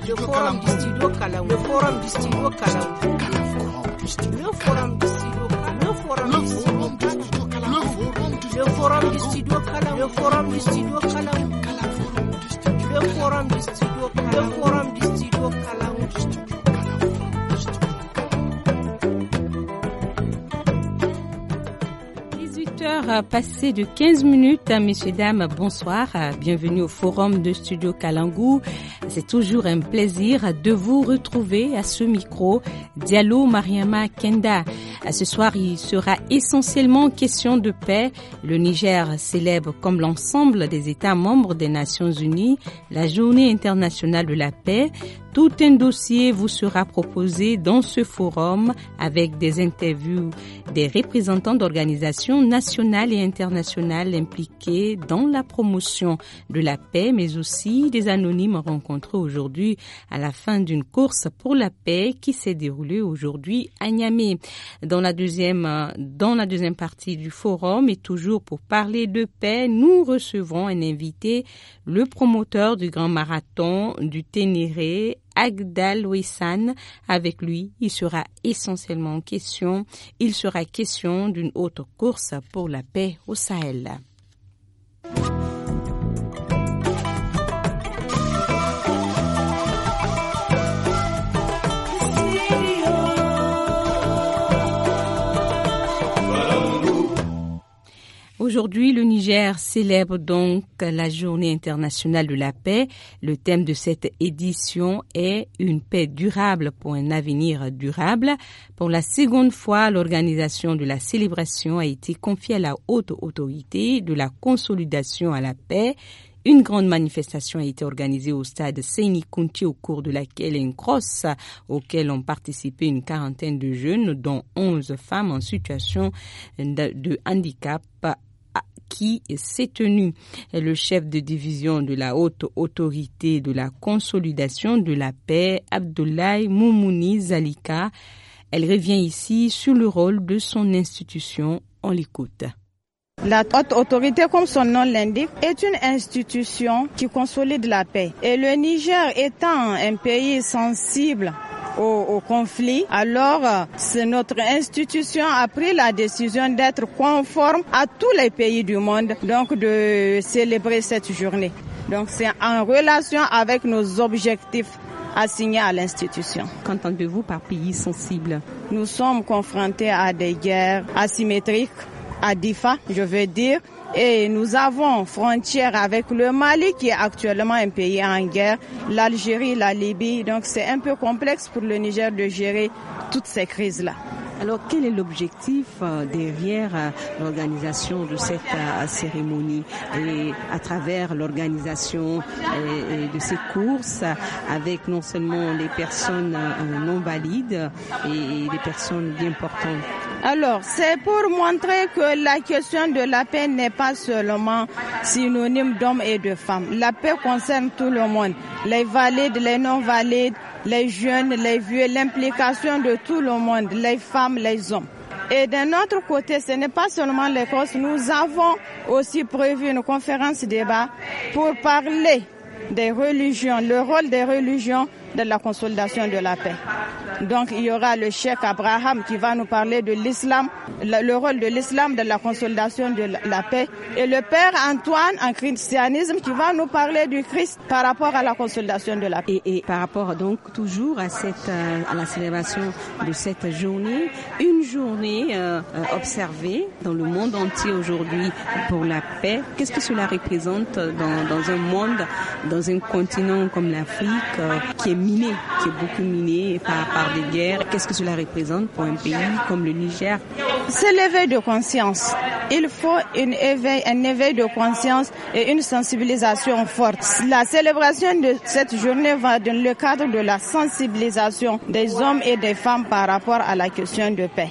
district Kalamko. District Kalamko. The forum district Kalamko. Kalamko. District Kalamko. The forum district Kalamko. The forum district Kalamko. The forum district Kalamko. The forum district Kalamko. The forum district Kalamko. The forum district Kalamko. passé de 15 minutes. Messieurs, dames, bonsoir. Bienvenue au forum de Studio Kalangu. C'est toujours un plaisir de vous retrouver à ce micro. Diallo Mariama Kenda. Ce soir, il sera essentiellement question de paix. Le Niger célèbre, comme l'ensemble des États membres des Nations Unies, la journée internationale de la paix. Tout un dossier vous sera proposé dans ce forum avec des interviews des représentants d'organisations nationales et internationales impliquées dans la promotion de la paix, mais aussi des anonymes rencontrés aujourd'hui à la fin d'une course pour la paix qui s'est déroulée aujourd'hui à Niamey. Dans la deuxième, dans la deuxième partie du forum et toujours pour parler de paix, nous recevrons un invité, le promoteur du grand marathon du Ténéré, Agdal Wissan. Avec lui, il sera essentiellement question, il sera question d'une haute course pour la paix au Sahel. Aujourd'hui, le Niger célèbre donc la Journée internationale de la paix. Le thème de cette édition est Une paix durable pour un avenir durable. Pour la seconde fois, l'organisation de la célébration a été confiée à la haute autorité de la consolidation à la paix une grande manifestation a été organisée au stade Seini Kunti au cours de laquelle une crosse auquel ont participé une quarantaine de jeunes dont 11 femmes en situation de handicap qui s'est tenu. Le chef de division de la haute autorité de la consolidation de la paix, Abdoulaye Moumouni Zalika, elle revient ici sur le rôle de son institution. On l'écoute. La haute autorité, comme son nom l'indique, est une institution qui consolide la paix. Et le Niger étant un pays sensible au, conflit. Alors, euh, c'est notre institution a pris la décision d'être conforme à tous les pays du monde, donc de célébrer cette journée. Donc, c'est en relation avec nos objectifs assignés à l'institution. Qu'entendez-vous par pays sensible Nous sommes confrontés à des guerres asymétriques Adifa, je veux dire. Et nous avons frontière avec le Mali qui est actuellement un pays en guerre, l'Algérie, la Libye. Donc c'est un peu complexe pour le Niger de gérer toutes ces crises-là. Alors quel est l'objectif euh, derrière euh, l'organisation de cette euh, cérémonie et à travers l'organisation de ces courses avec non seulement les personnes non valides et les personnes bien portantes alors, c'est pour montrer que la question de la paix n'est pas seulement synonyme d'hommes et de femmes. La paix concerne tout le monde, les valides, les non-valides, les jeunes, les vieux, l'implication de tout le monde, les femmes, les hommes. Et d'un autre côté, ce n'est pas seulement les Nous avons aussi prévu une conférence débat pour parler des religions, le rôle des religions de la consolidation de la paix. Donc il y aura le chef Abraham qui va nous parler de l'islam, le rôle de l'islam dans la consolidation de la paix, et le père Antoine en christianisme qui va nous parler du Christ par rapport à la consolidation de la paix. Et, par rapport donc toujours à cette euh, à la célébration de cette journée, une journée euh, euh, observée dans le monde entier aujourd'hui pour la paix. Qu'est-ce que cela représente dans, un monde, dans un continent comme l'Afrique qui est miné, qui est beaucoup miné par, par des guerres. Qu'est-ce que cela représente pour un pays comme le Niger c'est l'éveil de conscience. Il faut une éveil, un éveil de conscience et une sensibilisation forte. La célébration de cette journée va dans le cadre de la sensibilisation des hommes et des femmes par rapport à la question de paix.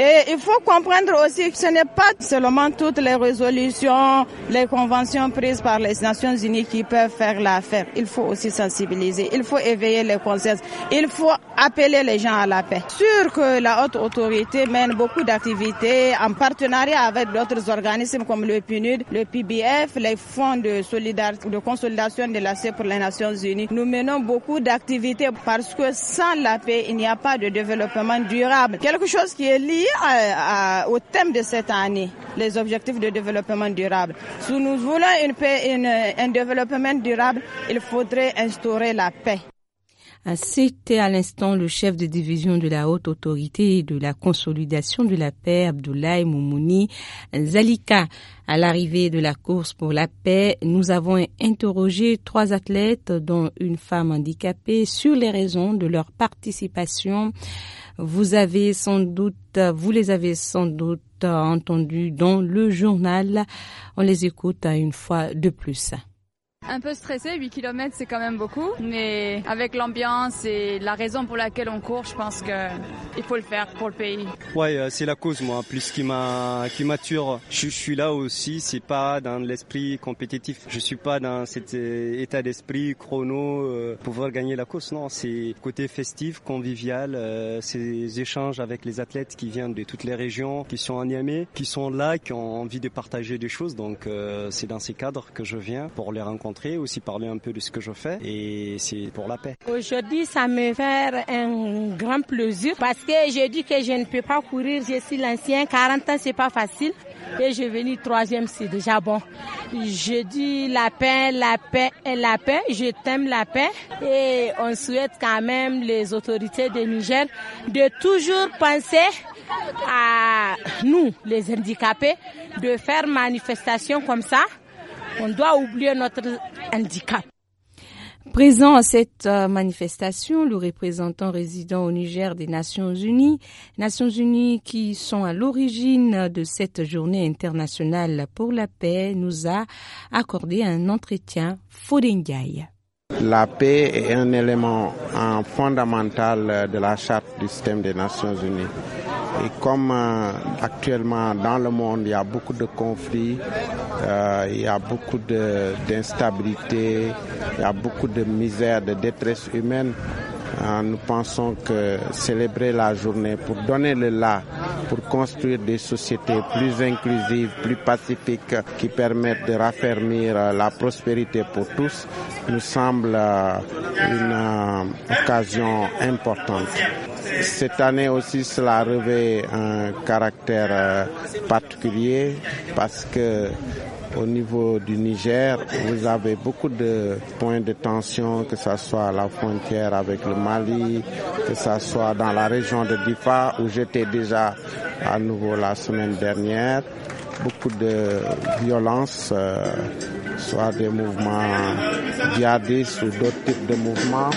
Et il faut comprendre aussi que ce n'est pas seulement toutes les résolutions, les conventions prises par les Nations Unies qui peuvent faire l'affaire. Il faut aussi sensibiliser, il faut éveiller les consciences, il faut appeler les gens à la paix. Sûr que la haute autorité mène beaucoup d'activités en partenariat avec d'autres organismes comme le PNUD, le PBF, les fonds de, de consolidation de la pour les Nations Unies. Nous menons beaucoup d'activités parce que sans la paix, il n'y a pas de développement durable. Quelque chose qui est lié euh, au thème de cette année, les objectifs de développement durable. Si nous voulons une paix, un développement durable, il faudrait instaurer la paix. C'était à l'instant le chef de division de la haute autorité de la consolidation de la paix, Abdoulaye Moumouni Zalika. À l'arrivée de la course pour la paix, nous avons interrogé trois athlètes, dont une femme handicapée, sur les raisons de leur participation. Vous avez sans doute, vous les avez sans doute entendus dans le journal. On les écoute une fois de plus. Un peu stressé, 8 km c'est quand même beaucoup, mais avec l'ambiance et la raison pour laquelle on court, je pense qu'il faut le faire pour le pays. Ouais, euh, c'est la cause moi, plus qui m'a qui m'attire. Je, suis là aussi, c'est pas dans l'esprit compétitif. Je suis pas dans cet euh, état d'esprit chrono euh, pour gagner la course. Non, c'est côté festif, convivial, ces échanges avec les athlètes qui viennent de toutes les régions, qui sont en qui sont là, qui ont envie de partager des choses. Donc c'est dans ces cadres que je viens pour les rencontrer aussi parler un peu de ce que je fais et c'est pour la paix. Aujourd'hui, ça me fait un grand plaisir parce que je dis que je ne peux pas courir, je suis l'ancien, 40 ans, c'est pas facile. Et je suis venu troisième, c'est déjà bon. Je dis la paix, la paix et la paix. Je t'aime la paix. Et on souhaite quand même les autorités de Niger de toujours penser à nous, les handicapés, de faire manifestation comme ça on doit oublier notre handicap. Présent à cette euh, manifestation, le représentant résident au Niger des Nations Unies, Nations Unies qui sont à l'origine de cette journée internationale pour la paix, nous a accordé un entretien Fodengay. La paix est un élément fondamental de la charte du système des Nations Unies. Et comme euh, actuellement dans le monde, il y a beaucoup de conflits, euh, il y a beaucoup d'instabilité, il y a beaucoup de misère, de détresse humaine, euh, nous pensons que célébrer la journée pour donner le là, pour construire des sociétés plus inclusives, plus pacifiques, qui permettent de raffermir euh, la prospérité pour tous, nous semble euh, une occasion importante. Cette année aussi, cela revêt un caractère particulier parce que au niveau du Niger, vous avez beaucoup de points de tension, que ce soit à la frontière avec le Mali, que ce soit dans la région de Difa, où j'étais déjà à nouveau la semaine dernière. Beaucoup de violence, euh, soit des mouvements djihadistes ou d'autres types de mouvements.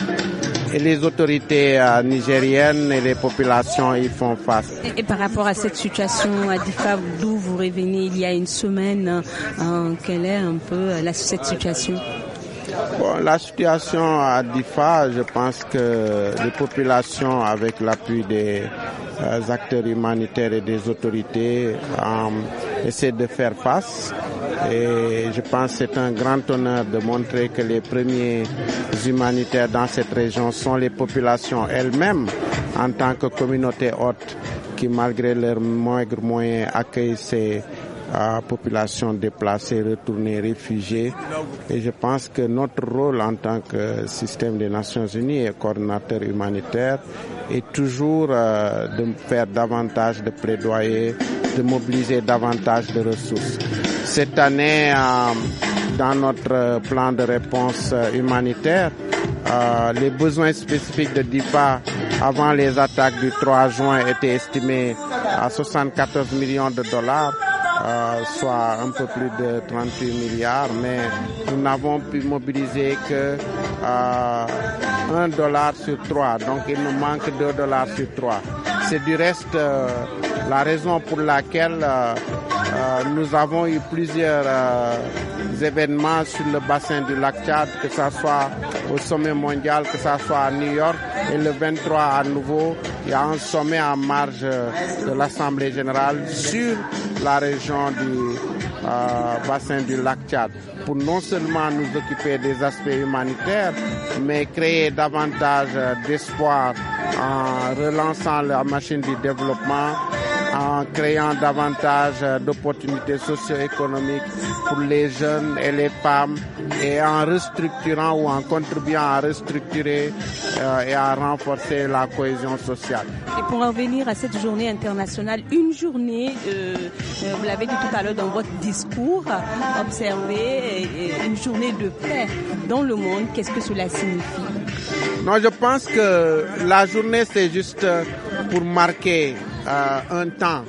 Et les autorités euh, nigériennes et les populations y font face. Et, par rapport à cette situation, à euh, Difa, d'où vous revenez il y a une semaine, euh, quelle est un peu la, cette situation la situation à Difa, je pense que les populations, avec l'appui des acteurs humanitaires et des autorités, essaient de faire face. Et je pense que c'est un grand honneur de montrer que les premiers humanitaires dans cette région sont les populations elles-mêmes en tant que communauté haute qui, malgré leurs maigres moyens, accueillent ces euh, populations déplacées, retournées, réfugiées. Et je pense que notre rôle en tant que système des Nations Unies et coordinateur humanitaire est toujours euh, de faire davantage de plaidoyer, de mobiliser davantage de ressources. Cette année, euh, dans notre plan de réponse euh, humanitaire, euh, les besoins spécifiques de DIPA avant les attaques du 3 juin étaient estimés à 74 millions de dollars. soit un peu plus de 38 milliards, mais nous n'avons pu mobiliser que 1 dollar sur 3, donc il nous manque 2 dollars sur 3. C'est du reste la raison pour laquelle euh, nous avons eu plusieurs euh, événements sur le bassin du lac Tchad, que ce soit au sommet mondial, que ce soit à New York. Et le 23 à nouveau, il y a un sommet en marge euh, de l'Assemblée générale sur la région du bassin du lac Tchad pour non seulement nous occuper des aspects humanitaires, mais créer davantage d'espoir en relançant la machine du développement en créant davantage d'opportunités socio-économiques pour les jeunes et les femmes et en restructurant ou en contribuant à restructurer euh, et à renforcer la cohésion sociale. Et pour en venir à cette journée internationale, une journée, euh, euh, vous l'avez dit tout à l'heure dans votre discours, observer une journée de paix dans le monde, qu'est-ce que cela signifie Non, je pense que la journée, c'est juste pour marquer euh, un temps.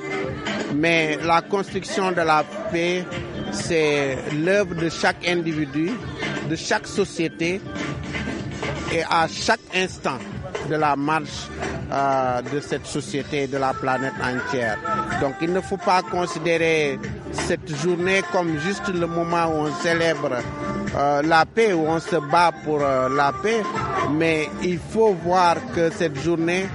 Mais la construction de la paix, c'est l'œuvre de chaque individu, de chaque société et à chaque instant de la marche euh, de cette société et de la planète entière. Donc il ne faut pas considérer cette journée comme juste le moment où on célèbre euh, la paix, où on se bat pour euh, la paix, mais il faut voir que cette journée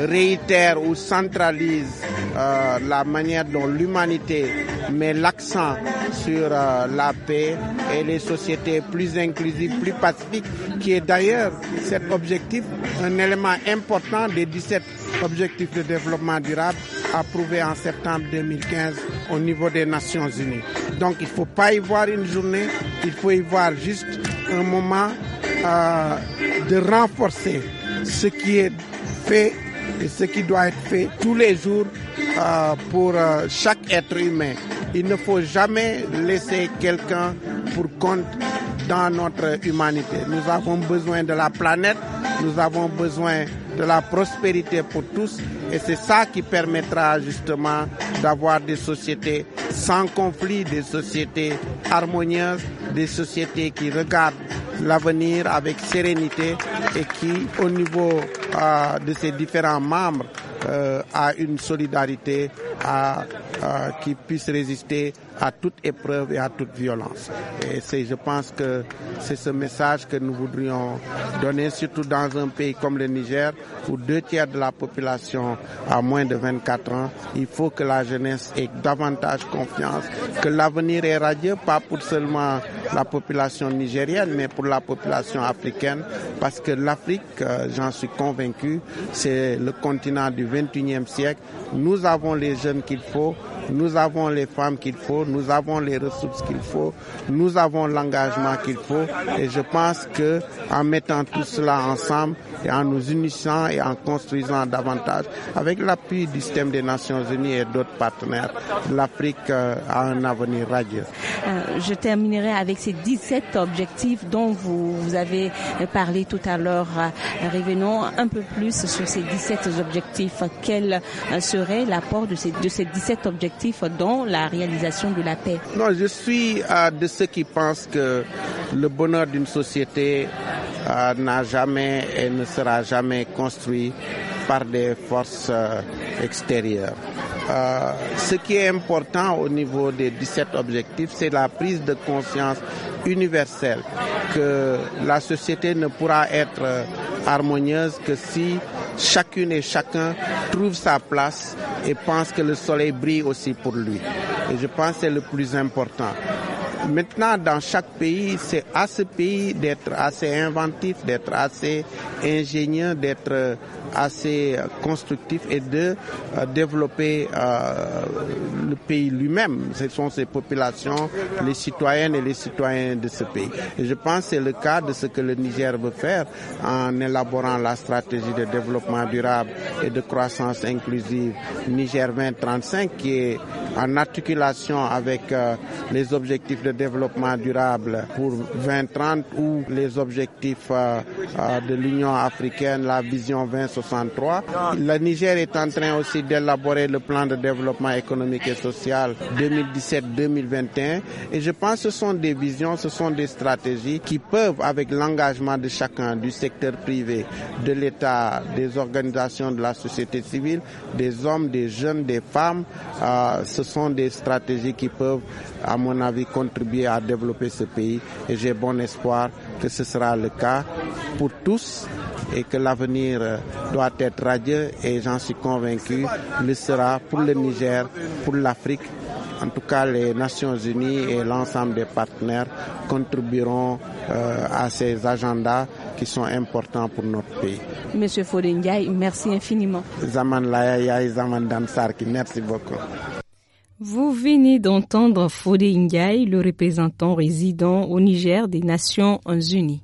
réitère ou centralise euh, la manière dont l'humanité met l'accent sur la paix et les sociétés plus inclusives, plus pacifiques, qui est d'ailleurs cet objectif, un élément important des 17 objectifs de développement durable approuvés en septembre 2015 au niveau des Nations Unies. Donc il ne faut pas y voir une journée, il faut y voir juste un moment euh, de renforcer ce qui est fait et ce qui doit être fait tous les jours euh, pour euh, chaque être humain. Il ne faut jamais laisser quelqu'un pour compte dans notre humanité. Nous avons besoin de la planète, nous avons besoin de la prospérité pour tous et c'est ça qui permettra justement d'avoir des sociétés sans conflit, des sociétés harmonieuses, des sociétés qui regardent l'avenir avec sérénité et qui, au niveau euh, de ses différents membres, euh, à une solidarité à, qui puisse résister à toute épreuve et à toute violence. Et c'est, je pense que c'est ce message que nous voudrions donner, surtout dans un pays comme le Niger, où deux tiers de la population a moins de 24 ans. Il faut que la jeunesse ait davantage confiance, que l'avenir est radieux, pas pour seulement la population nigérienne, mais pour la population africaine, parce que l'Afrique, euh, j'en suis convaincu, c'est le continent du 21e siècle. Nous avons les jeunes qu'il faut nous avons les femmes qu'il faut, nous avons les ressources qu'il faut, nous avons l'engagement qu'il faut et je pense que en mettant tout cela ensemble et en nous unissant et en construisant davantage avec l'appui du système des Nations Unies et d'autres partenaires, l'Afrique euh, a un avenir radieux. Euh, je terminerai avec ces 17 objectifs dont vous, avez parlé tout à l'heure. Euh, revenons un peu plus sur ces 17 objectifs. Quel serait l'apport de de ces 17 objectifs dans la réalisation de la paix je suis euh, de ceux qui pensent que le bonheur d'une société euh, n'a jamais et ne sera jamais construit par des forces euh, extérieures. ce qui est important au niveau des 17 objectifs, c'est la prise de conscience universelle, que la société ne pourra être euh, harmonieuse que si chacune et chacun trouve sa place et pense que le soleil brille aussi pour lui. Et je pense que c'est le plus important. Maintenant, dans chaque pays, c'est à ce pays d'être assez inventif, d'être assez ingénieux, d'être euh, assez euh, constructif et de euh, développer euh, le pays lui-même. Ce sont ses populations, les citoyennes et les citoyens de ce pays. Et je pense que c'est le cas de ce que le Niger veut faire en élaborant la stratégie de développement durable et de croissance inclusive Niger 2035 qui est en articulation avec les objectifs de développement durable pour 2030 ou les objectifs de l'Union africaine, la vision 2060 la Le Niger est en train aussi d'élaborer le plan de développement économique et social 2017-2021. Et je pense que ce sont des visions, ce sont des stratégies qui peuvent, avec l'engagement de chacun, du secteur privé, de l'État, des organisations de la société civile, des hommes, des jeunes, des femmes, euh, ce sont des stratégies qui peuvent, à mon avis, contribuer à développer ce pays. Et j'ai bon espoir que ce sera le cas pour tous et que l'avenir euh, doit être radieux et j'en suis convaincu, le sera pour le Niger, pour l'Afrique. En tout cas, les Nations Unies et l'ensemble des partenaires contribueront euh, à ces agendas qui sont importants pour notre pays. Monsieur Ndiaye, merci infiniment. Zaman Laya Zaman merci beaucoup. Vous venez d'entendre Fode le représentant résident au Niger des Nations Unies.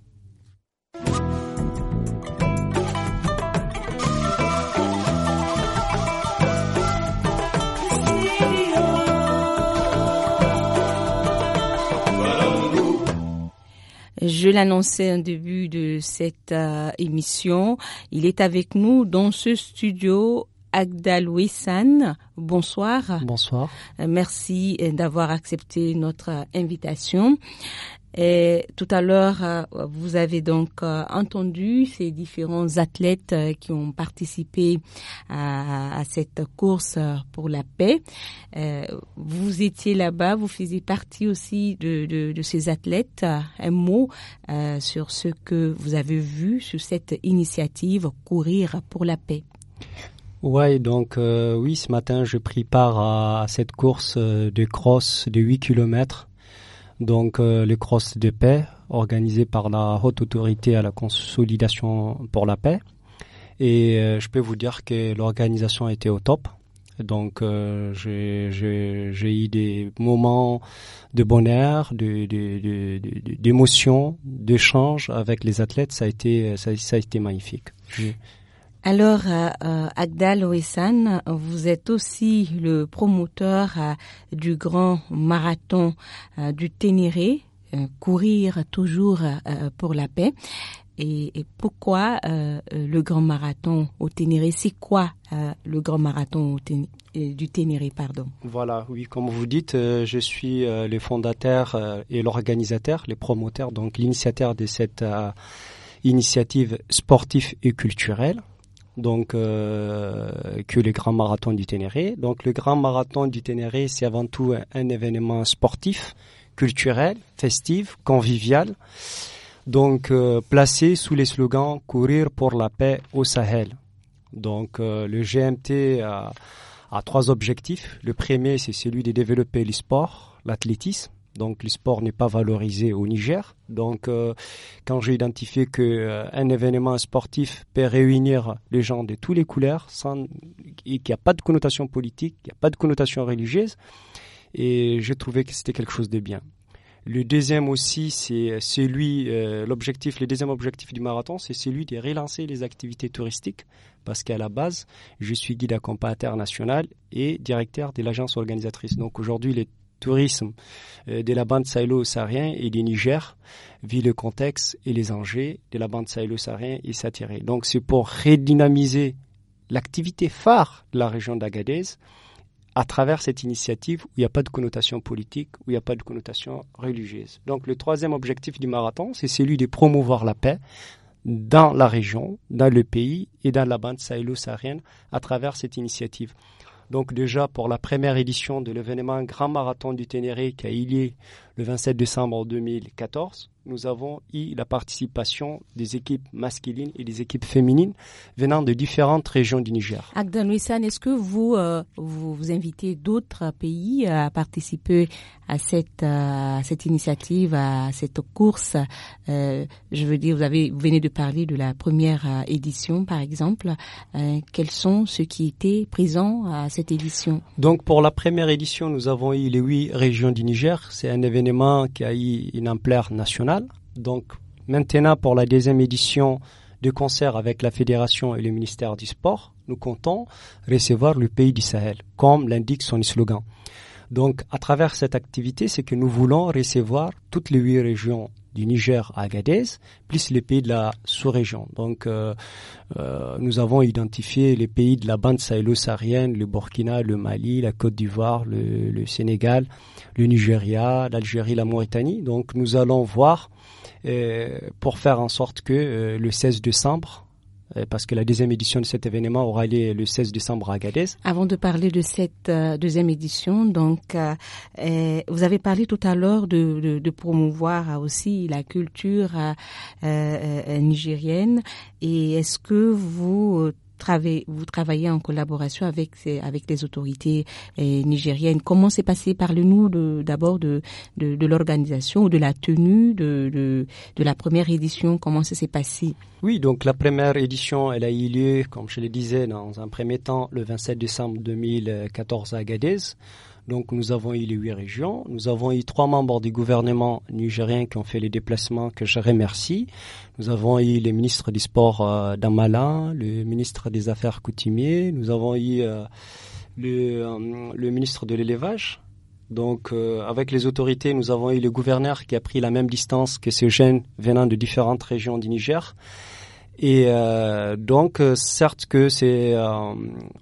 Je l'annonçais en début de cette euh, émission. Il est avec nous dans ce studio. Agdal bonsoir. Bonsoir. Euh, merci euh, d'avoir accepté notre invitation. Et tout à l'heure, euh, vous avez donc euh, entendu ces différents athlètes euh, qui ont participé à, cette course pour la paix. Vous étiez là-bas, vous faisiez partie aussi de, ces athlètes. Un mot sur ce que vous avez vu sur cette initiative Courir pour la paix. Ouais, donc oui, ce matin, je pris part à, cette course de cross de 8 kilomètres donc euh, le cross de paix organisé par la haute autorité à la consolidation pour la paix. Et euh, je peux vous dire que l'organisation était au top. Donc euh, j'ai eu des moments de bonheur, de d'émotion, d'échange avec les athlètes. Ça a été, ça a été magnifique. Alors, euh, euh, Agdal Oessan, vous êtes aussi le promoteur euh, du grand marathon du Ténéré, courir toujours pour la paix. Et, pourquoi le grand marathon au Ténéré C'est quoi le grand marathon du Ténéré pardon. Voilà, oui, comme vous dites, je suis le fondateur et l'organisateur, les promoteurs, donc l'initiateur de cette initiative sportive et culturelle donc euh, que le Grand Marathon du Ténéré. Donc le Grand Marathon du Ténéré, c'est avant tout un, événement sportif, culturel, festif, convivial. Donc euh, placé sous les slogans courir pour la paix au Sahel. Donc euh, le GMT a, trois objectifs. Le premier, c'est celui de développer le sport, l'athlétisme. Donc le sport n'est pas valorisé au Niger. Donc euh, quand j'ai identifié que euh, un événement sportif peut réunir les gens de toutes les couleurs sans et qu'il n'y a pas de connotation politique, il n'y a pas de connotation religieuse, et j'ai trouvé que c'était quelque chose de bien. Le deuxième aussi, c'est euh, celui, l'objectif, le deuxième objectif du marathon, c'est celui de relancer les activités touristiques, parce qu'à la base, je suis guide à national international et directeur de l'agence organisatrice. Donc aujourd'hui, les tourisme euh, de la bande sahélo-saharienne et du Niger, vit le contexte et les enjeux de la bande sahélo-saharienne et s'attirer. Donc c'est pour redynamiser l'activité phare de la région d'Agadez à travers cette initiative où il n'y a pas de connotation politique, où il n'y a pas de connotation religieuse. Donc le troisième objectif du marathon, c'est celui de promouvoir la paix dans la région, dans le pays et dans la bande sahélo-saharienne à travers cette initiative. Donc déjà pour la première édition de l'événement Grand Marathon du Ténéré qui a eu lieu le 27 décembre 2014, nous avons eu la participation des équipes masculines et des équipes féminines venant de différentes régions du Niger. Agdan Wissan, est-ce que euh, vous, vous, invitez d'autres pays à participer à cette, euh, cette initiative, à cette course euh, Je veux dire, vous, avez, vous venez de parler de la première édition, par exemple. quels sont ceux qui étaient présents à cette édition Donc, pour la première édition, nous avons eu les huit régions du Niger. C'est un événement qui a eu une ampleur nationale donc maintenant pour la deuxième édition de concert avec la Fédération et le ministère du Sport, nous comptons recevoir le pays du Sahel, comme l'indique son slogan. Donc à travers cette activité, c'est que nous voulons recevoir toutes les huit régions du Niger à Agadez, plus les pays de la sous-région. Donc, euh, euh, nous avons identifié les pays de la bande sahélo-saharienne, le Burkina, le Mali, la Côte d'Ivoire, le, le, Sénégal, le Nigeria, l'Algérie, la Mauritanie. Donc, nous allons voir euh, pour faire en sorte que euh, le 16 décembre, euh, parce que la deuxième édition de cet événement aura lieu le 16 décembre à Agadez. Avant de parler de cette deuxième édition, donc vous avez parlé tout à l'heure de, promouvoir aussi la culture nigérienne. Et est-ce que vous vous travaillez en collaboration avec, avec les autorités eh, nigériennes. Comment s'est passé parlez nous d'abord de, de, l'organisation ou de la tenue de, la première édition. Comment ça s'est passé Oui, donc la première édition, elle a eu lieu, comme je le disais, dans un premier temps, le 27 décembre 2014 à Agadez. Donc nous avons eu les huit régions, nous avons eu trois membres du gouvernement nigérien qui ont fait les déplacements que je remercie. Nous avons eu les ministres du sport euh, d'Amala, le ministre des Affaires coutumiers, nous avons eu euh, euh, le, ministre de l'élevage. Donc, avec les autorités, nous avons eu le gouverneur qui a pris la même distance que ces jeunes venant de différentes régions du Niger. Et euh, donc, euh, certes que euh,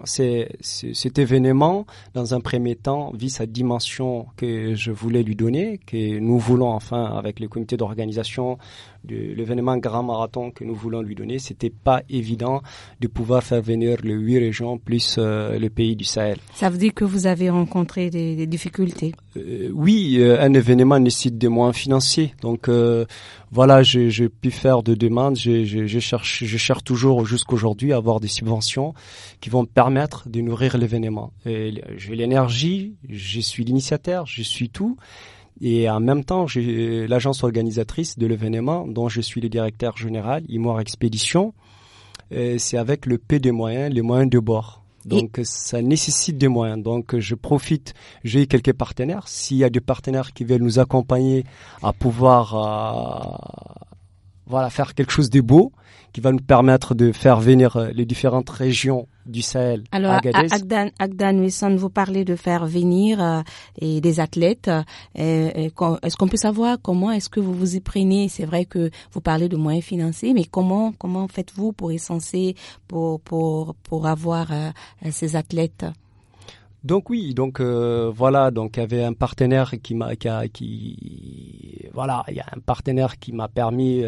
c'est, cet événement, dans un premier temps, vit sa dimension que je voulais lui donner, que nous voulons enfin, avec les comités d'organisation, de l'événement Grand Marathon que nous voulons lui donner, c'était pas évident de pouvoir faire venir les huit régions plus euh, le pays du Sahel. Ça veut dire que vous avez rencontré des, difficultés euh, Oui, euh, un événement nécessite des moyens financiers. Donc voilà, j'ai pu faire des demandes. Je, cherche, je cherche toujours jusqu'aujourd'hui à avoir des subventions qui vont permettre de nourrir l'événement. J'ai l'énergie, je suis l'initiateur, je suis tout. Et en même temps, j'ai l'agence organisatrice de l'événement, dont je suis le directeur général, Imoire Expédition, c'est avec le P des moyens, les moyens de bord. Donc ça nécessite des moyens. Donc je profite, j'ai quelques partenaires. S'il y a des partenaires qui veulent nous accompagner à pouvoir euh, voilà faire quelque chose de beau, qui va nous permettre de faire venir euh, les différentes régions du Sahel. Alors, Agadez. Agdan, Agdan vous parlez de faire venir euh, et des athlètes. Euh, est-ce qu'on peut savoir comment est-ce que vous vous y prenez C'est vrai que vous parlez de moyens financiers, mais comment comment faites-vous pour essencer, pour pour pour avoir ces athlètes donc oui, donc voilà, donc il y avait un partenaire qui m'a qui, a, voilà, il y un partenaire qui m'a permis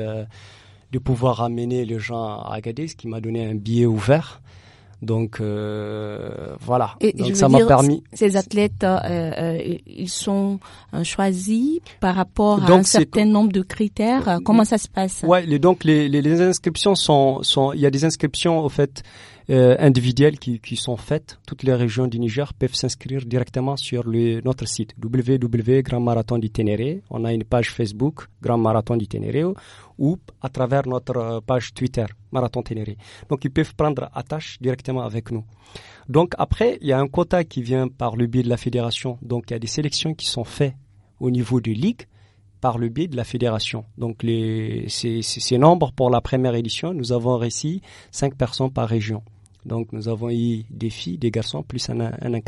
de pouvoir amener les gens à Agadez, qui m'a donné un billet ouvert. Donc euh, voilà. Et ça m'a permis. Ces athlètes, euh, euh, ils sont euh, choisis par rapport à un certain nombre de critères. Comment ça se passe Ouais, donc les, inscriptions sont, sont, il y a des inscriptions au fait euh, individuelles qui, qui, sont faites. Toutes les régions du Niger peuvent s'inscrire directement sur le, notre site www On a une page Facebook Grand Marathon du Ténéré ou à travers notre page Twitter Marathon Ténéré. Donc ils peuvent prendre attache directement avec nous. Donc après, il y a un quota qui vient par le biais de la fédération. Donc il y a des sélections qui sont faites au niveau des ligues par le biais de la fédération. Donc les, ces, ces, nombres pour la première édition, nous avons réussi 5 personnes par région. Donc nous avons eu des filles, des garçons, plus un, un Donc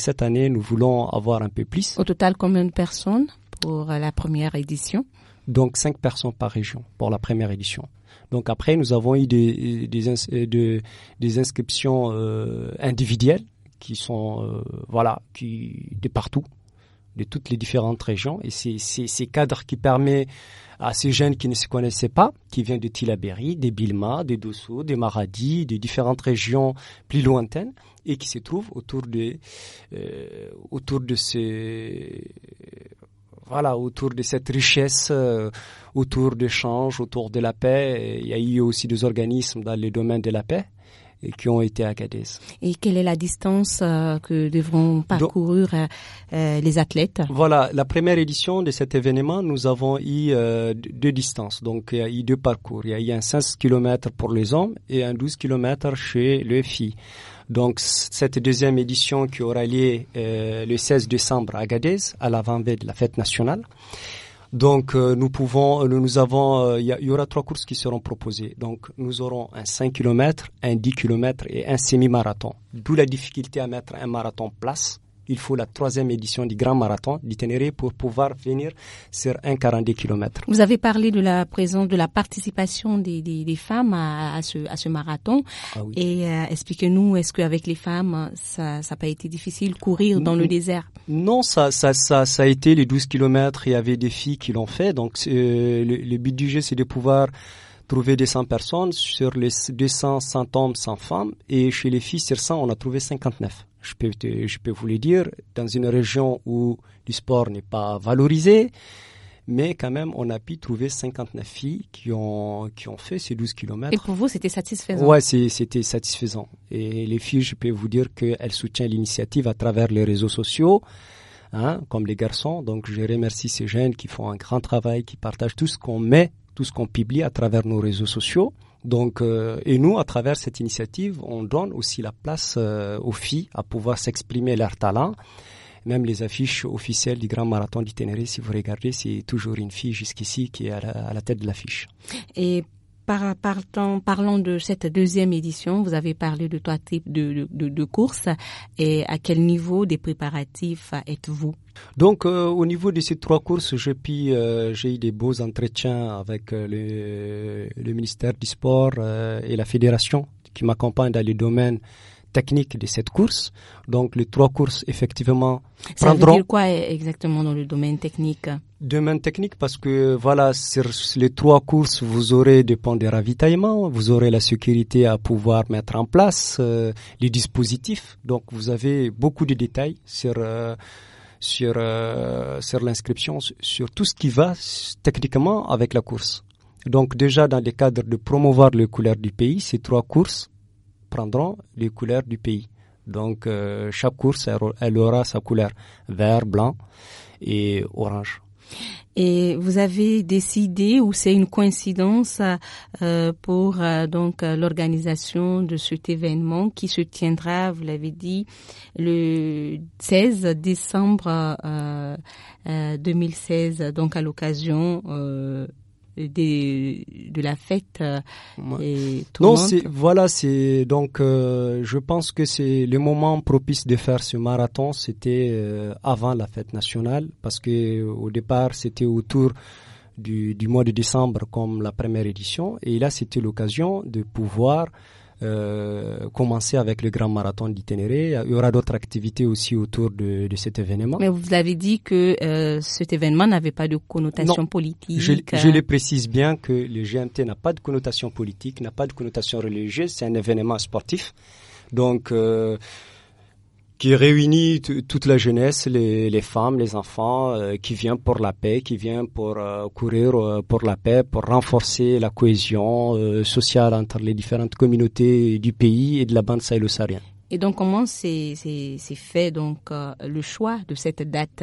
cette année, nous voulons avoir un peu plus. Au total, combien de personnes pour la première édition Donc cinq personnes par région pour la première édition. Donc après, nous avons eu des, inscriptions euh, individuelles qui sont euh, voilà qui de partout de toutes les différentes régions et c'est ces cadres qui permet à ces jeunes qui ne se connaissaient pas, qui viennent de Tilaberi, des Bilma, des Dosso, des Maradi, des différentes régions plus lointaines et qui se trouvent autour de, euh, autour de ces voilà, autour de cette richesse, euh, autour de changes, autour de la paix. Il y a eu aussi des organismes dans les domaines de la paix qui ont été à Et quelle est la distance euh, que devront parcourir euh, euh, les athlètes Voilà, la première édition de cet événement, nous avons eu deux distances. Donc, il y a eu deux parcours. Il y a eu un 16 km pour les hommes et un 12 km chez les filles. Donc, cette deuxième édition qui aura lieu le 16 décembre à Gadez, à l'avant-veille de la fête nationale. Donc euh, nous pouvons, euh, nous avons, euh, il y, y, aura trois courses qui seront proposées. Donc nous aurons un 5 km, un 10 km et un semi-marathon. D'où la difficulté à mettre un marathon place il faut la troisième édition du Grand Marathon du pour pouvoir venir sur 1,42 km. Vous avez parlé de la présence, de la participation des, femmes à, ce, marathon. Ah Et euh, expliquez-nous, est-ce qu'avec les femmes, ça n'a pas été difficile courir dans le désert Non, ça, ça, a été les 12 km. Il y avait des filles qui l'ont fait. Donc euh, le but du jeu, c'est de pouvoir trouvé 200 personnes, sur les 200, 100 hommes, 100 femmes, et chez les filles, sur 100, on a trouvé 59. Je peux, je peux vous le dire, dans une région où le sport n'est pas valorisé, mais quand même, on a pu trouver 59 filles qui ont, qui ont fait ces 12 km. Et pour vous, c'était satisfaisant Ouais, c'était satisfaisant. Et les filles, je peux vous dire qu'elles soutiennent l'initiative à travers les réseaux sociaux, hein, comme les garçons. Donc, je remercie ces jeunes qui font un grand travail, qui partagent tout ce qu'on met tout ce qu'on publie à travers nos réseaux sociaux. Donc, euh, et nous, à travers cette initiative, on donne aussi la place euh, aux filles à pouvoir s'exprimer leur talent. Même les affiches officielles du Grand Marathon du si vous regardez, c'est toujours une fille jusqu'ici qui est à la, à la tête de l'affiche. Et par, parlons de cette deuxième édition. Vous avez parlé de trois types de, de, courses. Et à quel niveau des préparatifs êtes-vous Donc, euh, au niveau de ces trois courses, j'ai euh, eu des beaux entretiens avec euh, le, ministère du Sport et la fédération qui m'accompagne dans le domaine technique de cette course. Donc les trois courses effectivement prendront. quoi exactement dans le domaine technique même technique parce que voilà, sur les trois courses, vous aurez des points de ravitaillement, vous aurez la sécurité à pouvoir mettre en place euh, les dispositifs. Donc vous avez beaucoup de détails sur euh, sur euh, sur l'inscription, sur tout ce qui va techniquement avec la course. Donc déjà dans le cadre de promouvoir les couleurs du pays, ces trois courses prendront les couleurs du pays. Donc chaque course elle aura sa couleur vert, blanc et orange. Et vous avez décidé, ou c'est une coïncidence euh, pour euh, donc euh, l'organisation de cet événement qui se tiendra, vous l'avez dit, le 16 décembre euh, 2016, donc à l'occasion euh, des, de la fête euh, et tout non c'est voilà c'est donc euh, je pense que c'est le moment propice de faire ce marathon c'était avant la fête nationale parce que au départ c'était autour du, du mois de décembre comme la première édition et là c'était l'occasion de pouvoir euh, commencer avec le grand marathon d'Itinéré. Il y aura d'autres activités aussi autour de, de, cet événement. Mais vous avez dit que euh, cet événement n'avait pas de connotation politique. Je, je, euh. le précise bien que le GMT n'a pas de connotation politique, n'a pas de connotation religieuse. C'est un événement sportif. Donc, euh, qui réunit toute la jeunesse, les, femmes, les enfants, euh, qui vient pour la paix, qui vient pour euh, courir euh, pour la paix, pour renforcer la cohésion sociale entre les différentes communautés du pays et de la bande sahélo-saharienne. Et donc, comment s'est fait donc le choix de cette date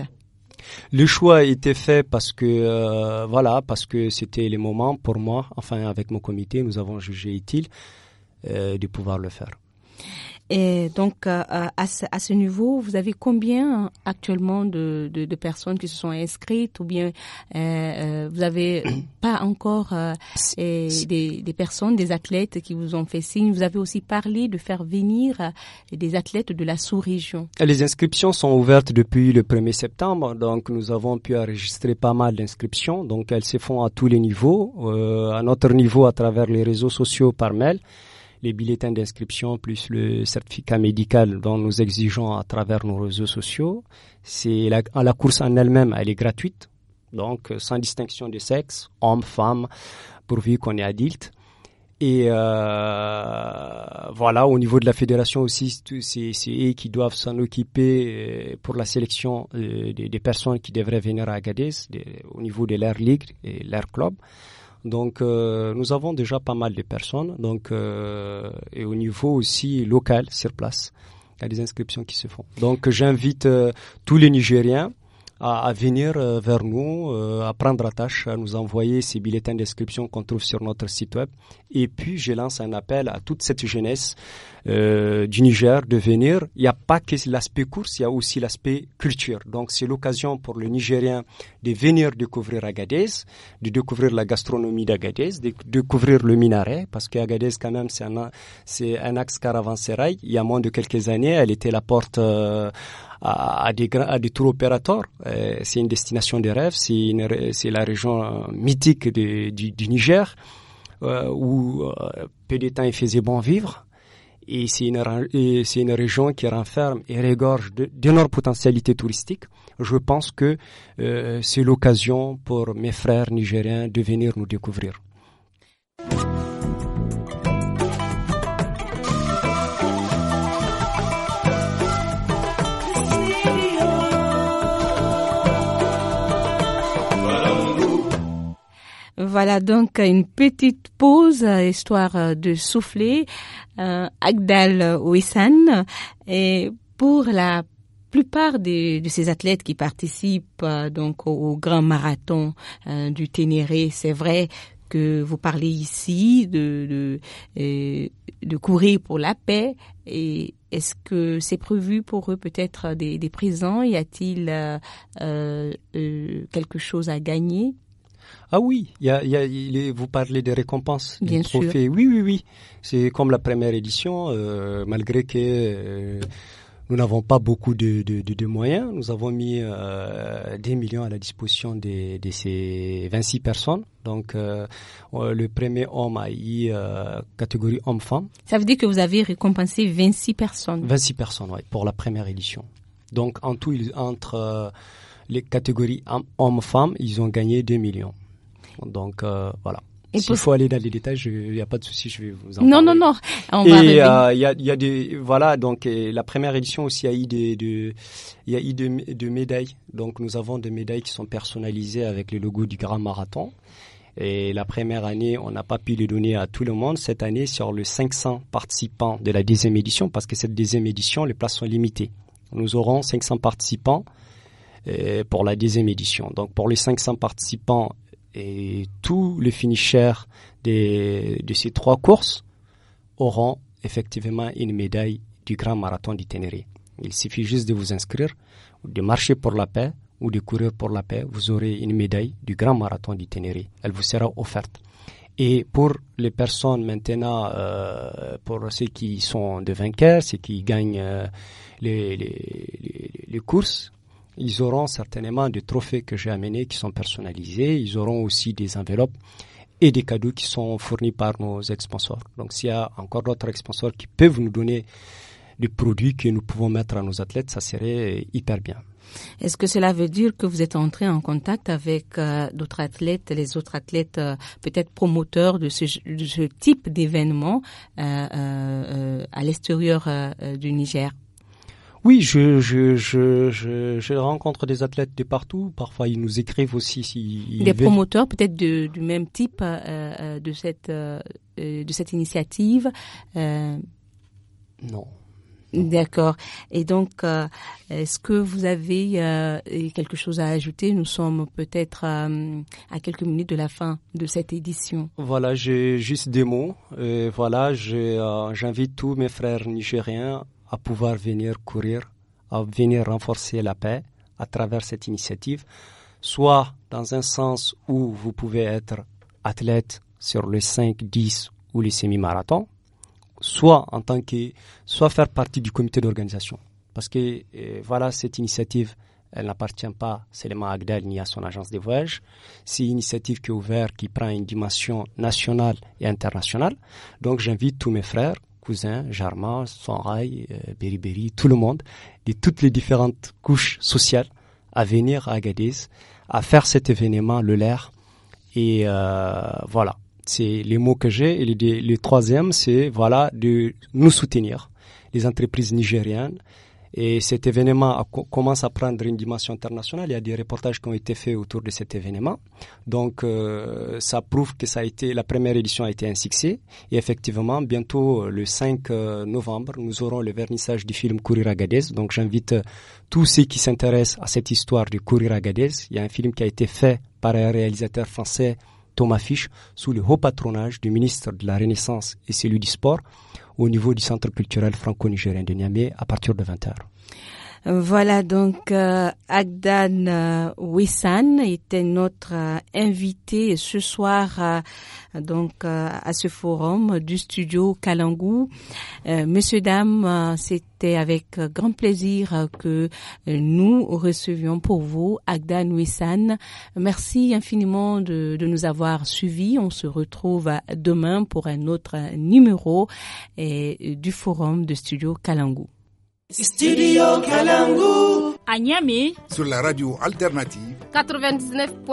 le choix a été fait parce que voilà, parce que c'était le moment pour moi, enfin avec mon comité, nous avons jugé utile de pouvoir le faire. Et donc, euh, euh, à, ce, niveau, vous avez combien hein, actuellement de, personnes qui se sont inscrites ou bien euh, vous avez pas encore des, personnes, des athlètes qui vous ont fait signe Vous avez aussi parlé de faire venir des athlètes de la sous-région. Les inscriptions sont ouvertes depuis le 1er septembre, donc nous avons pu enregistrer pas mal d'inscriptions. Donc, elles se font à tous les niveaux, à notre niveau à travers les réseaux sociaux par mail les billets d'inscription plus le certificat médical dont nous exigeons à travers nos réseaux sociaux. C'est la, la course en elle-même, elle est gratuite, donc sans distinction de sexe, homme, femme, pourvu qu'on est adulte. Et euh, voilà, au niveau de la fédération aussi, c'est eux qui doivent s'en occuper euh, pour la sélection euh, des, personnes qui devraient venir à Agadez, au niveau de leur ligue et leur club. Donc, euh, nous avons déjà pas mal de personnes. Donc, euh, et au niveau aussi local, sur place, il y a des inscriptions qui se font. Donc, j'invite euh, tous les Nigériens à, venir euh, vers nous, euh, à prendre la tâche, à nous envoyer ces bulletins d'inscription qu'on trouve sur notre site web. Et puis, je lance un appel à toute cette jeunesse euh, du Niger de venir. Il n'y a pas que l'aspect course, il y a aussi l'aspect culture. Donc, c'est l'occasion pour le Nigérien de venir découvrir Agadez, de découvrir la gastronomie d'Agadez, de découvrir le minaret, parce qu'Agadez, quand même, c'est un, un axe caravanserai. Il y a moins de quelques années, elle était la porte... Euh, à, à, des, à des opérateurs. Euh, c'est une destination de rêve, c'est la région euh, mythique du, Niger euh, où peu de temps il faisait bon vivre. Et c'est une, une, région qui renferme et regorge d'énormes potentialités touristiques. Je pense que c'est l'occasion pour mes frères nigériens de venir nous découvrir. Voilà donc une petite pause euh, histoire euh, de souffler. Euh, Agdal Ouissan et pour la plupart de, ces athlètes qui participent donc au, grand marathon du Ténéré, c'est vrai que vous parlez ici de, de, courir pour la paix et est-ce que c'est prévu pour eux peut-être des, présents Y a-t-il quelque chose à gagner ah oui, y vous parlez des récompenses, des trophées. Oui, oui, oui. C'est comme la première édition, euh, malgré que euh, nous n'avons pas beaucoup de, moyens. Nous avons mis euh, des millions à la disposition de, ces 26 personnes. Donc, le premier homme a eu catégorie homme-femme. Ça veut dire que vous avez récompensé 26 personnes 26 personnes, oui, pour la première édition. Donc, en tout, il entre les catégories hommes-femmes, ils ont gagné 2 millions. Donc euh, voilà. S'il faut aller dans les détails, il n'y a pas de souci, je vais vous en non, parler. Non, non, non. et euh, il y, a, des voilà donc la première édition aussi a eu des y a eu de, médailles. Donc nous avons des médailles qui sont personnalisées avec le logo du Grand Marathon. Et la première année, on n'a pas pu les donner à tout le monde. Cette année, sur les 500 participants de la deuxième édition, parce que cette deuxième édition, les places sont limitées. Nous aurons 500 participants euh, pour la deuxième édition. Donc pour les 500 participants et tous les finishers de, de ces trois courses auront effectivement une médaille du Grand Marathon du Il suffit juste de vous inscrire, de marcher pour la paix ou de courir pour la paix. Vous aurez une médaille du Grand Marathon du Elle vous sera offerte. Et pour les personnes maintenant, euh, pour ceux qui sont des vainqueurs, ceux qui gagnent euh, les, les, les, courses, ils auront certainement des trophées que j'ai amenés qui sont personnalisés. Ils auront aussi des enveloppes et des cadeaux qui sont fournis par nos sponsors. Donc s'il y a encore d'autres sponsors qui peuvent nous donner des produits que nous pouvons mettre à nos athlètes, ça serait hyper bien. Est-ce que cela veut dire que vous êtes entré en contact avec euh, d'autres athlètes, les autres athlètes euh, peut-être promoteurs de ce, type d'événement euh, à l'extérieur du Niger oui, je, je, je, je, rencontre des athlètes de partout. Parfois, ils nous écrivent aussi. des promoteurs peut-être du même type euh, euh, de, cette, euh, de cette initiative Non. D'accord. Et donc, est-ce que vous avez quelque chose à ajouter Nous sommes peut-être à quelques minutes de la fin de cette édition. Voilà, j'ai juste des mots. Et voilà, j'invite tous mes frères nigériens à pouvoir venir courir, à venir renforcer la paix à travers cette initiative, soit dans un sens où vous pouvez être athlète sur le 5, 10 ou les semi-marathons, soit en tant que, soit faire partie du comité d'organisation. Parce que euh, voilà, cette initiative, elle n'appartient pas seulement à Agdel ni à son agence de voyage. C'est une initiative qui est ouverte, qui prend une dimension nationale et internationale. Donc j'invite tous mes frères Cousins, Jarma, Songhai, euh, Beriberi, tout le monde, de toutes les différentes couches sociales à venir à Agadez, à faire cet événement, le LER. Et euh, voilà, c'est les mots que j'ai. Et le, le troisième, c'est voilà, de nous soutenir, les entreprises nigériennes, et cet événement commence à prendre une dimension internationale. Il y a des reportages qui ont été faits autour de cet événement. Donc, euh, ça prouve que ça a été, la première édition a été un succès. Et effectivement, bientôt, euh, le 5 euh, novembre, nous aurons le vernissage du film Courir à Gadez ». Donc, j'invite tous ceux qui s'intéressent à cette histoire de Courir à Gadez ». Il y a un film qui a été fait par un réalisateur français, Thomas Fisch, sous le haut patronage du ministre de la Renaissance et celui du Sport au niveau du Centre culturel franco-nigérien de Niamey à partir de 20h. Euh, voilà donc euh, Agdan euh, Wissan était notre invité ce soir donc à ce forum du studio Kalangou. messieurs dames, c'était avec grand plaisir que nous recevions pour vous Agdan Wissan. Merci infiniment de, nous avoir suivis. On se retrouve demain pour un autre numéro du forum de studio Kalangou. Studio Kalangu à Niami sur la radio alternative 99.4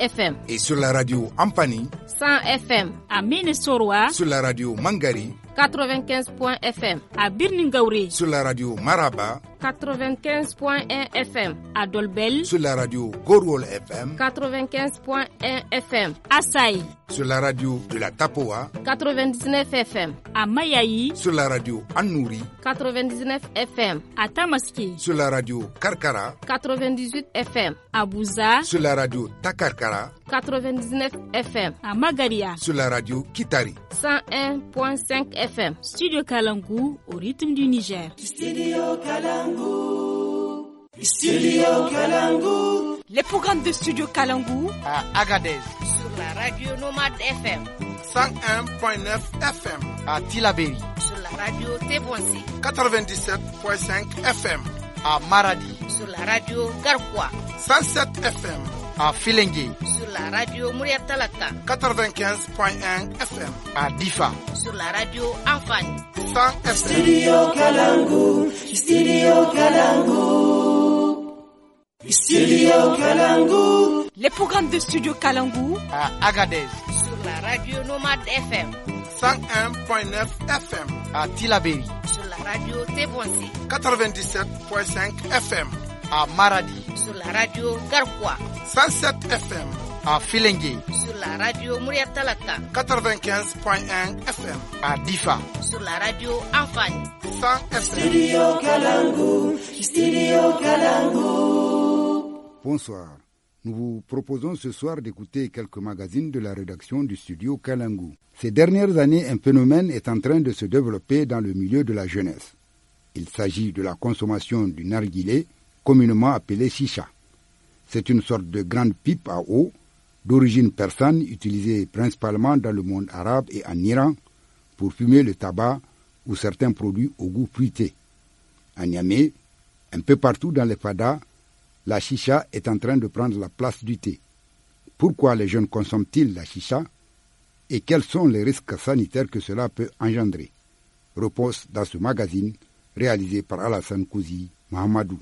FM et sur la radio Ampani 100 FM à Minnesota sur la radio Mangari 95.1 FM à Birnin sur la radio Maraba 95.1 FM à Dolbel sur la radio Gorwol FM 95.1 FM à Saï sur la radio de la Tapoa 99 FM à Mayaï sur la radio Annouri 99 FM à Tamaski sur la radio Karkara 98 FM à Bouza sur la radio Takarkara 99 FM à Magaria sur la radio Kitari 101.5 FM Studio Kalangu au rythme du Niger. Studio Kalangu. Studio Kalangu. Les programmes de Studio Kalangu à Agadez. Sur la radio Nomad FM. 101.9 FM à Tilaberi. Sur la radio Tevoisi. 97.5 FM à Maradi. Sur la radio Garkwa. 107 FM à Filengui Sur la radio Mouriatalata. 95.1 FM à Difa. Sur la radio Afani. 100 FM. Studio Kalangu, Studio Kalangu. Studio Kalangu. Les programmes de Studio Kalangu à Agadez. Sur la radio Nomade FM. 101.9 FM à Tilaberi. Sur la radio Tébonzi 97.5 FM à Maradi. Sur la radio Garkwa. 107 FM à Filengue. Sur la radio Mouria 95.1 FM à Difa. Sur la radio Anfani. 100 FM. Studio Kalangu. Studio Kalangu. Bonsoir. Nous vous proposons ce soir d'écouter quelques magazines de la rédaction du studio Kalangu. Ces dernières années, un phénomène est en train de se développer dans le milieu de la jeunesse. Il s'agit de la consommation du narguilé, communément appelée chicha. C'est une sorte de grande pipe à eau d'origine persane utilisée principalement dans le monde arabe et en Iran pour fumer le tabac ou certains produits au goût fruité. À Niamey, un peu partout dans les fadas, la chicha est en train de prendre la place du thé. Pourquoi les jeunes consomment-ils la chicha et quels sont les risques sanitaires que cela peut engendrer Repose dans ce magazine réalisé par Alassane Kouzi Mahamadou.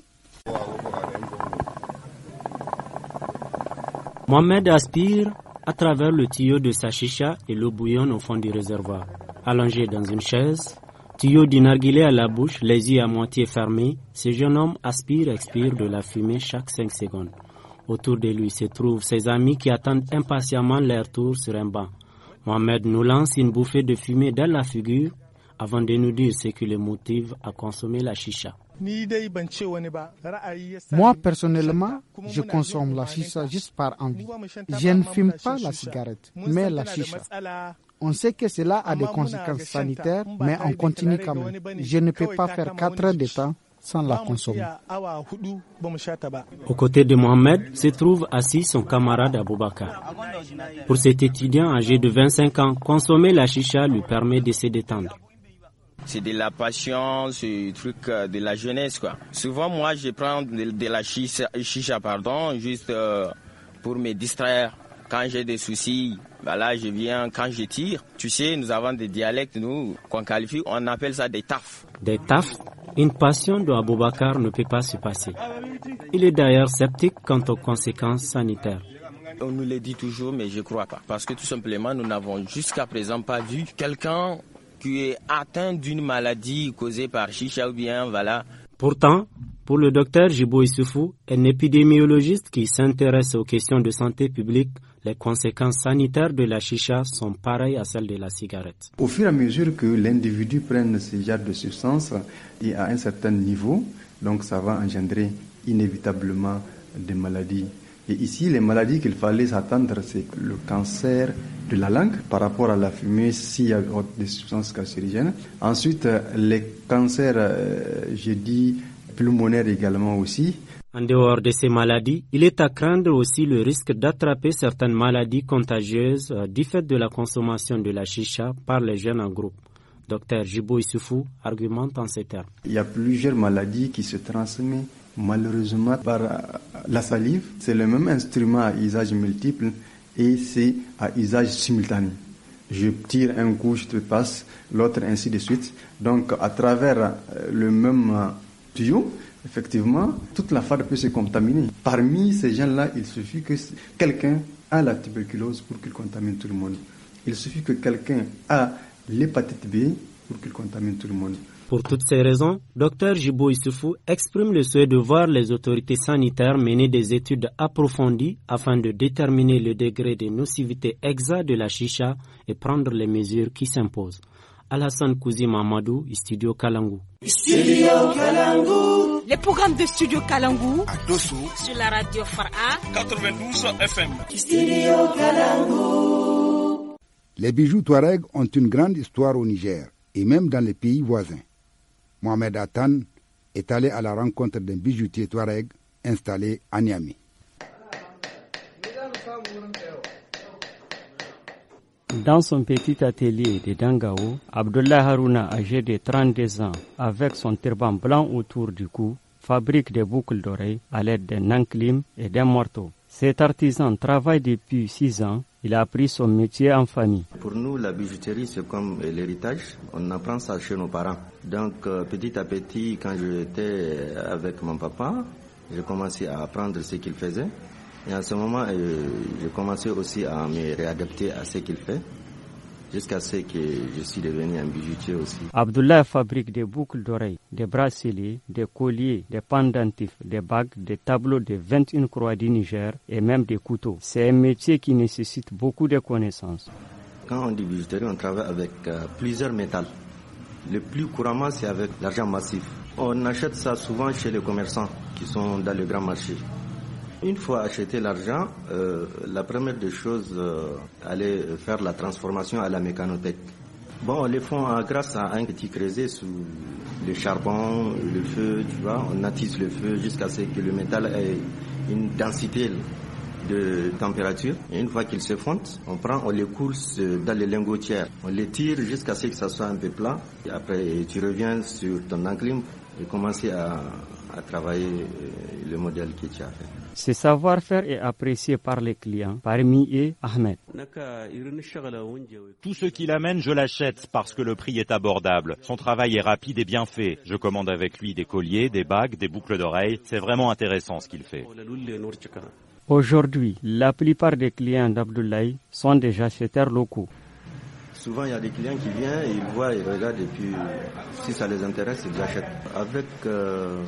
Mohamed aspire à travers le tuyau de sa chicha et l'eau bouillonne au fond du réservoir. Allongé dans une chaise, tuyau d'inarguilé à la bouche, les yeux à moitié fermés, ce jeune homme aspire expire de la fumée chaque 5 secondes. Autour de lui se trouvent ses amis qui attendent impatiemment leur tour sur un banc. Mohamed nous lance une bouffée de fumée dans la figure avant de nous dire ce qui le motive à consommer la chicha. Moi, personnellement, je consomme la chicha juste par envie. Je ne fume pas la cigarette, mais la chicha. On sait que cela a des conséquences sanitaires, mais on continue quand même. Je ne peux pas faire quatre heures de temps sans la consommer. Aux côté de Mohamed se trouve assis son camarade Aboubaka. Pour cet étudiant âgé de 25 ans, consommer la chicha lui permet de se détendre c'est de la passion, c'est truc euh, de la jeunesse quoi. Souvent moi je prends de, la chicha, pardon, juste euh, pour me distraire. Quand j'ai des soucis, bah là je viens, quand je tire, tu sais, nous avons des dialectes, nous, qu'on qualifie, on appelle ça des tafs. Des tafs Une passion de Aboubakar ne peut pas se passer. Il est d'ailleurs sceptique quant aux conséquences sanitaires. On nous le dit toujours, mais je crois pas. Parce que tout simplement, nous n'avons jusqu'à présent pas vu quelqu'un tu es atteint d'une maladie causée par chicha ou bien voilà. Pourtant, pour le docteur Jibo Issoufou, un épidémiologiste qui s'intéresse aux questions de santé publique, les conséquences sanitaires de la chicha sont pareilles à celles de la cigarette. Au fur et à mesure que l'individu prenne ce genre de substance et à un certain niveau, donc ça va engendrer inévitablement des maladies et ici, les maladies qu'il fallait attendre, c'est le cancer de la langue par rapport à la fumée s'il y a des substances cancérigènes. Ensuite, les cancers, euh, je dit, pulmonaires également aussi. En dehors de ces maladies, il est à craindre aussi le risque d'attraper certaines maladies contagieuses euh, du fait de la consommation de la chicha par les jeunes en groupe. Docteur Jibo Issoufou argumente en ces termes. Il y a plusieurs maladies qui se transmettent malheureusement par la salive. C'est le même instrument à usage multiple et c'est à usage simultané. Je tire un coup, je te passe, l'autre, ainsi de suite. Donc, à travers euh, le même euh, tuyau, effectivement, toute la farde peut se contaminer. Parmi ces gens-là, il suffit que quelqu'un a la tuberculose pour qu'il contamine tout le monde. Il suffit que quelqu'un a l'hépatite B pour qu'il contamine tout le monde. Pour toutes ces raisons, Dr Jibo Issoufou exprime le souhait de voir les autorités sanitaires mener des études approfondies afin de déterminer le degré de nocivité exact de la chicha et prendre les mesures qui s'imposent. Alassane Kouzi Mamadou, Studio Kalangou. Studio Kalangou. Les programmes de Studio Kalangou. à Dosso sur la radio Fara 92 FM. Studio Kalangou. Les bijoux Touareg ont une grande histoire au Niger et même dans les pays voisins. Mohamed Atan est allé à la rencontre d'un bijoutier Touareg installé à Niamey. Dans son petit atelier de Dangao, Abdullah Haruna, âgé de 32 ans, avec son turban blanc autour du cou, fabrique des boucles d'oreilles à l'aide d'un enclime et d'un morteau. Cet artisan travaille depuis six ans. Il a appris son métier en famille. Pour nous, la bijouterie, c'est comme l'héritage. On apprend ça chez nos parents. Donc, euh, petit à petit, quand j'étais avec mon papa, j'ai commencé à apprendre ce qu'il faisait. Et à ce moment, euh, j'ai commencé aussi à me réadapter à ce qu'il fait jusqu'à ce que je suis devenu un bijoutier aussi. Abdullah fabrique des boucles d'oreilles, des bracelets, des colliers, des pendentifs, des bagues, des tableaux de 21 croix du Niger et même des couteaux. C'est un métier qui nécessite beaucoup de connaissances. Quand on dit bijoutier, on travaille avec euh, plusieurs métals. Le plus couramment, c'est avec l'argent massif. On achète ça souvent chez les commerçants qui sont dans le grand marché. Une fois acheté l'argent, euh, la première des choses, euh, aller faire la transformation à la mécanothèque. Bon, on les font euh, grâce à un petit creuset sous le charbon, le feu, tu vois. On attise le feu jusqu'à ce que le métal ait une densité de température. Et une fois qu'il se fonde, on prend, on les coule dans les lingotières. On les tire jusqu'à ce que ça soit un peu plat. Et après, tu reviens sur ton enclume et commencer à, à travailler le modèle que tu as fait. Ce savoir-faire est apprécié par les clients, parmi eux Ahmed. Tout ce qu'il amène, je l'achète parce que le prix est abordable. Son travail est rapide et bien fait. Je commande avec lui des colliers, des bagues, des boucles d'oreilles. C'est vraiment intéressant ce qu'il fait. Aujourd'hui, la plupart des clients d'Abdoulaye sont des acheteurs locaux. Souvent, il y a des clients qui viennent, ils voient, ils regardent et puis si ça les intéresse, ils achètent. Avec euh,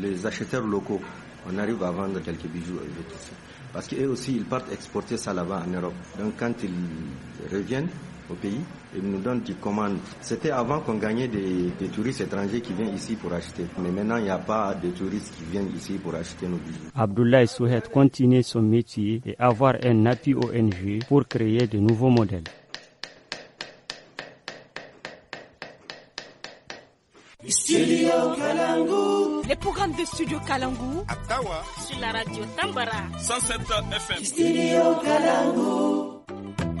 les acheteurs locaux, on arrive à vendre quelques bijoux et autres ici. Parce qu'eux aussi, ils partent exporter ça là-bas en Europe. Donc quand ils reviennent au pays, ils nous donnent des commandes. C'était avant qu'on gagnait des, touristes étrangers qui viennent ici pour acheter. Mais maintenant, il n'y a pas de touristes qui viennent ici pour acheter nos bijoux. Abdullah souhaite continuer son métier et avoir un appui ONG pour créer de nouveaux modèles. Studio Kalangu. Les programmes de Studio Kalangu. À Tawa. Sur la radio Tambara. 107 FM. Studio Kalangu.